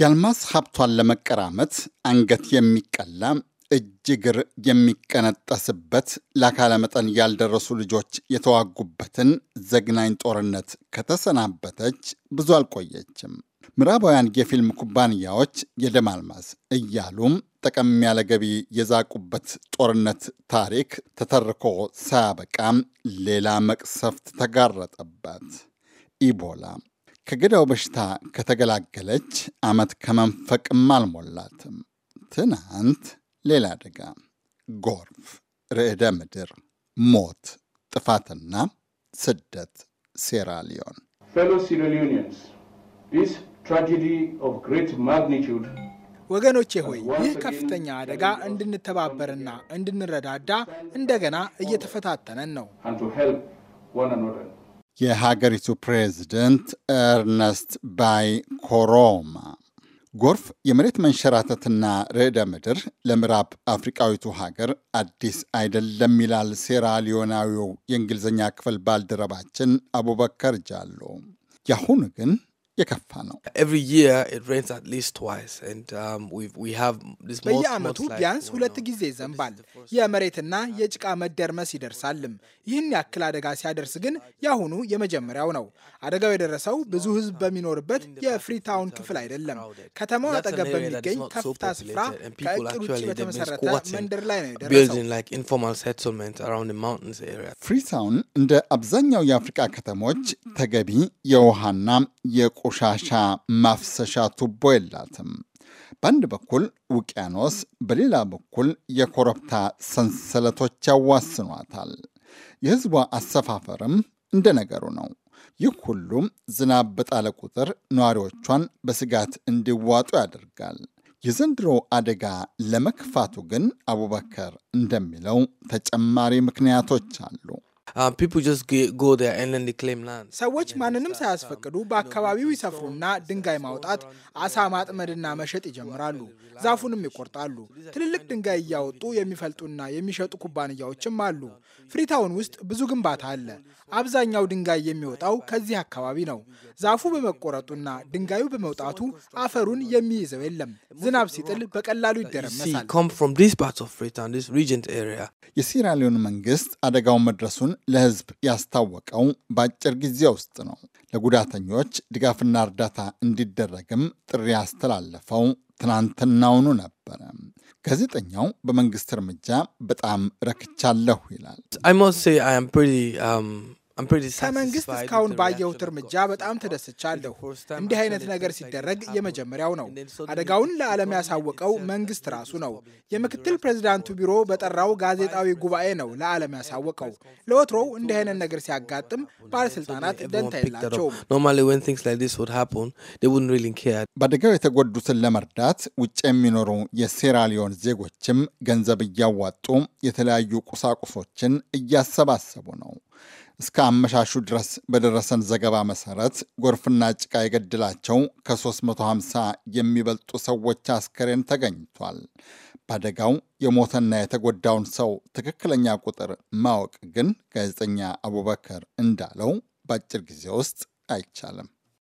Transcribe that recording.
የአልማዝ ሀብቷን ለመቀራመት አንገት የሚቀላ እጅግር የሚቀነጠስበት ለአካለ መጠን ያልደረሱ ልጆች የተዋጉበትን ዘግናኝ ጦርነት ከተሰናበተች ብዙ አልቆየችም። ምዕራባውያን የፊልም ኩባንያዎች የደም አልማዝ እያሉም ጠቀም ያለ ገቢ የዛቁበት ጦርነት ታሪክ ተተርኮ ሳያበቃም ሌላ መቅሰፍት ተጋረጠባት። ኢቦላ ከገዳው በሽታ ከተገላገለች ዓመት ከመንፈቅም አልሞላትም። ትናንት ሌላ አደጋ፣ ጎርፍ፣ ርዕደ ምድር፣ ሞት፣ ጥፋትና ስደት ሴራሊዮን። ወገኖቼ ሆይ ይህ ከፍተኛ አደጋ እንድንተባበርና እንድንረዳዳ እንደገና እየተፈታተነን ነው። የሀገሪቱ ፕሬዝደንት ኤርነስት ባይ ኮሮማ ጎርፍ፣ የመሬት መንሸራተትና ርዕደ ምድር ለምዕራብ አፍሪቃዊቱ ሀገር አዲስ አይደለም ይላል ሴራ ሊዮናዊው የእንግሊዝኛ ክፍል ባልደረባችን አቡበከር ጃሎ። ያሁኑ ግን የከፋ ነው። um, በየዓመቱ ቢያንስ ሁለት ጊዜ ይዘንባል። የመሬትና የጭቃ መደርመስ ይደርሳልም። ይህን ያክል አደጋ ሲያደርስ ግን የአሁኑ የመጀመሪያው ነው። አደጋው የደረሰው ብዙ ሕዝብ በሚኖርበት የፍሪታውን ክፍል አይደለም። ከተማው አጠገብ በሚገኝ ከፍታ ስፍራ በተመሰረተ መንደር ላይ ነው የደረሰው። ፍሪታውን እንደ አብዛኛው የአፍሪቃ ከተሞች ተገቢ የውሃና የቆ የቆሻሻ ማፍሰሻ ቱቦ የላትም። በአንድ በኩል ውቅያኖስ፣ በሌላ በኩል የኮረብታ ሰንሰለቶች ያዋስኗታል። የሕዝቧ አሰፋፈርም እንደ ነገሩ ነው። ይህ ሁሉም ዝናብ በጣለ ቁጥር ነዋሪዎቿን በስጋት እንዲዋጡ ያደርጋል። የዘንድሮ አደጋ ለመክፋቱ ግን አቡበከር እንደሚለው ተጨማሪ ምክንያቶች አሉ። Um, ሰዎች ማንንም ሳያስፈቅዱ በአካባቢው ይሰፍሩና ድንጋይ ማውጣት፣ አሳ ማጥመድና መሸጥ ይጀምራሉ። ዛፉንም ይቆርጣሉ። ትልልቅ ድንጋይ እያወጡ የሚፈልጡና የሚሸጡ ኩባንያዎችም አሉ። ፍሪታውን ውስጥ ብዙ ግንባታ አለ። አብዛኛው ድንጋይ የሚወጣው ከዚህ አካባቢ ነው። ዛፉ በመቆረጡና ድንጋዩ በመውጣቱ አፈሩን የሚይዘው የለም። ዝናብ ሲጥል በቀላሉ ይደረመሳል። የሲራሊዮን መንግስት አደጋውን መድረሱን ለህዝብ ያስታወቀው በአጭር ጊዜ ውስጥ ነው። ለጉዳተኞች ድጋፍና እርዳታ እንዲደረግም ጥሪ ያስተላለፈው ትናንትናውኑ ነበረ። ጋዜጠኛው በመንግስት እርምጃ በጣም ረክቻለሁ ይላል። ከመንግስት እስካሁን ባየሁት እርምጃ በጣም ተደስቻለሁ። እንዲህ አይነት ነገር ሲደረግ የመጀመሪያው ነው። አደጋውን ለዓለም ያሳወቀው መንግስት ራሱ ነው። የምክትል ፕሬዚዳንቱ ቢሮ በጠራው ጋዜጣዊ ጉባኤ ነው ለዓለም ያሳወቀው። ለወትሮው እንዲህ አይነት ነገር ሲያጋጥም ባለስልጣናት ደንታ የላቸውም። በአደጋው የተጎዱትን ለመርዳት ውጭ የሚኖሩ የሴራሊዮን ዜጎችም ገንዘብ እያዋጡ የተለያዩ ቁሳቁሶችን እያሰባሰቡ ነው። እስከ አመሻሹ ድረስ በደረሰን ዘገባ መሰረት ጎርፍና ጭቃ የገድላቸው ከ350 የሚበልጡ ሰዎች አስከሬን ተገኝቷል። በአደጋው የሞተና የተጎዳውን ሰው ትክክለኛ ቁጥር ማወቅ ግን ጋዜጠኛ አቡበከር እንዳለው በአጭር ጊዜ ውስጥ አይቻልም።